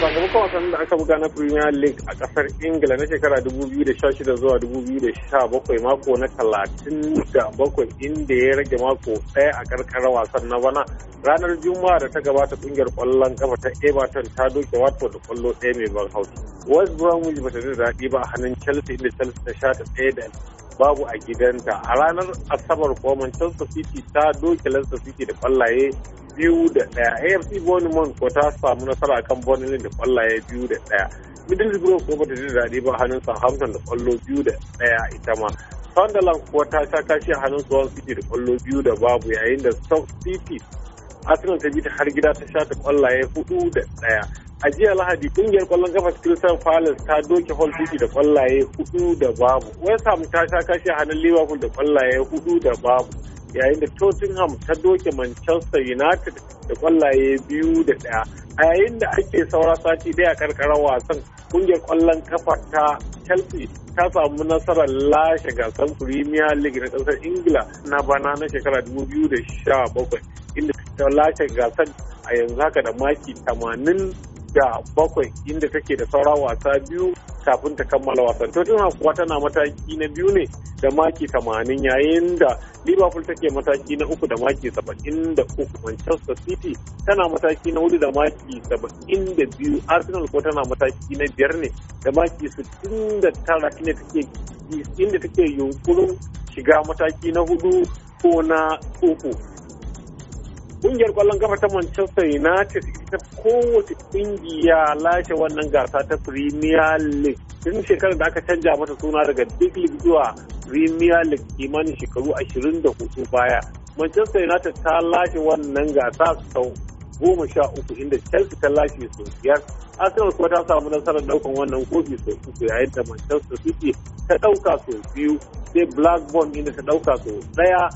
sakamakon wasan da aka buga na Premier League a kasar Ingila na shekara 2016 zuwa 2017 mako na 37 inda ya rage mako ɗaya a karkara wasan na bana ranar Juma'a da ta gabata kungiyar kwallon kafa ta Everton ta doke wato da kwallo ɗaya mai ban hausa. West Bromwich ba ta da daɗi ba a hannun Chelsea inda Chelsea ta sha ta ɗaya da babu a gidanta a ranar asabar ko Manchester ta doke Leicester City da kwallaye biyu da ɗaya afc bournemouth ko ta samu nasara kan bournemouth da kwallaye biyu da ɗaya middlesbrough ko bata ji daɗi ba hannun southampton da kwallo biyu da ɗaya ita ma sunderland ko ta sha kashi a hannun swan city da kwallo biyu da babu yayin da stoke city arsenal ta bi ta har gida ta sha ta kwallaye hudu da ɗaya a jiya lahadi kungiyar kwallon kafa crystal palace ta doke hall city da kwallaye hudu da babu west ham ta sha kashi a hannun liverpool da kwallaye hudu da babu yayin da Tottenham ta doke Manchester United da kwallaye biyu da ɗaya. A yayin da ake saura sati daya karkarar wasan kungiyar kwallon kafa ta Chelsea ta samu nasarar lashe gasar Premier League na ƙasar Ingila na bana na shekara 2017 inda ta lashe gasar a yanzu haka da maki 80 da bakwai inda take da saura wasa biyu kafin ta kammala wasan. Tottenham kuwa tana mataki na biyu ne da maki 80 yayin da liverpool take mataki na uku da maki saba'in da uku manchester city tana mataki na hudu da maki saba'in da biyu arsenal ko tana mataki na biyar ne da maki sittin da tara inda take inda take yunkurin shiga mataki na hudu ko na uku kungiyar kwallon kafa ta Manchester United ita kowace kungiya lashe wannan gasa ta Premier League tun shekarar da aka canja mata suna daga Big League zuwa Premier League kimanin shekaru 24 baya. Manchester United ta lashe wannan gasa sau goma sha uku inda Chelsea ta lashe su biyar. Arsenal kuma ta samu nasarar daukan wannan kofi sau uku yayin da Manchester City ta dauka sau biyu sai Blackburn inda ta dauka sau daya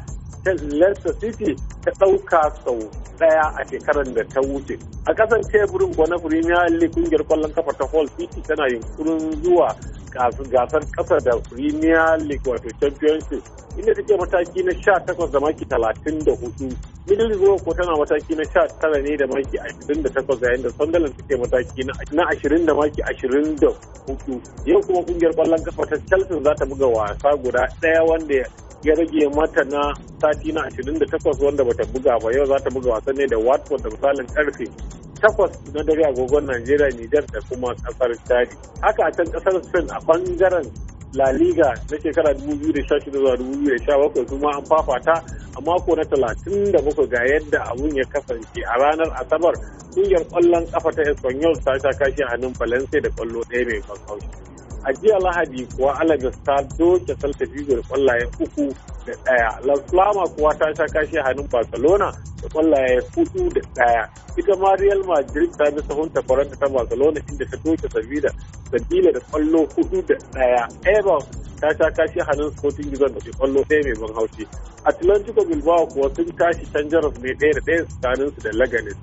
Leicester City ta ɗauka sau ɗaya a shekarar da ta wuce. A kasan teburin kuwa na Premier League kungiyar kwallon kafa ta Hull City tana yunkurin zuwa gasar kasa da premier league wato championship inda take mataki na sha takwas da maki talatin da hudu middlesbrough ko tana mataki na sha tara ne da maki ashirin da takwas yayin da sunderland take mataki na ashirin da maki ashirin da hudu yau kuma kungiyar kwallon kafa ta chelsea za ta buga wasa guda ɗaya wanda ya rage mata na sati na 28 wanda bata buga ba yau za ta buga wasan ne da watford da misalin karfe takwas na dare agogon Najeriya, Nijar da kuma kasar Chadi. Haka a can kasar Spain a bangaren La Liga na shekara 2016 zuwa 2017 kuma an fafata a mako na 37 ga yadda abun ya kasance a ranar Asabar kungiyar kwallon kafa ta Espanyol ta sha kashi a nan Valencia da kwallo ɗaya mai ban a jiya lahadi kuwa alabes ta doke salta da kwallaye uku da ɗaya las kuwa ta sha kashi hannun barcelona da kwallaye hudu da ɗaya ita ma real madrid ta bi sahun takwaranta ta barcelona inda ta doke sabida sabila da kwallo hudu da ɗaya eva ta sha kashi hannun sporting gizon da kwallo ɗaya mai ban haushi atlantico bilbao kuwa sun tashi canjaras mai daya da ɗaya tsakaninsu da leganes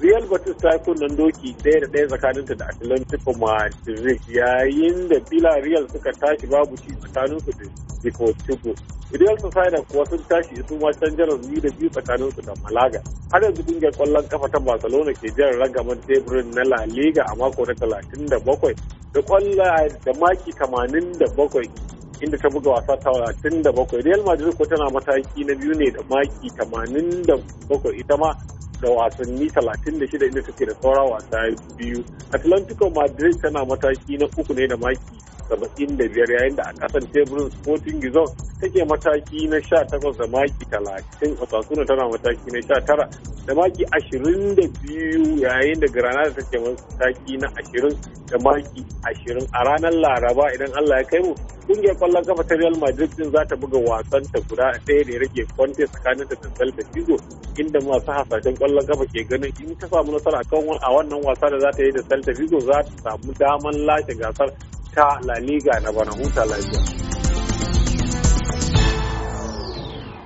Real Batis ta yi kunnen doki ɗaya da ɗaya tsakaninta da Atlantico Madrid yayin da Real suka tashi babu ci su da Deportivo. Real Sociedad kuwa sun tashi su ma can jiran biyu da biyu su da Malaga. Har yanzu kungiyar ƙwallon kafa ta Barcelona ke jiran ragaman teburin na La Liga a mako na talatin da bakwai da da maki tamanin da bakwai inda ta buga wasa talatin da bakwai. Real Madrid ko tana mataki na biyu ne da maki tamanin da bakwai ita ma da wasanni talatin da shida inda take da saura wasa biyu atlantico madrid tana mataki na uku ne da maki da biyar yayin da a kasan teburin sporting gizon take mataki na sha takwas da maki talatin osasuna tana mataki na sha tara. da maki ashirin da biyu yayin da granada take mataki na ashirin da maki ashirin a ranar laraba idan allah ya kai mu kungiyar kwallon kafa ta real madrid din za ta buga wasan ta guda ɗaya da ya rage kwante tsakanin ta tantal da figo inda masu hasashen kwallon kafa ke ganin in ta samu nasara a wannan wasa da za ta yi da celta vigo za ta samu daman lashe gasar ta la liga na bana huta lafiya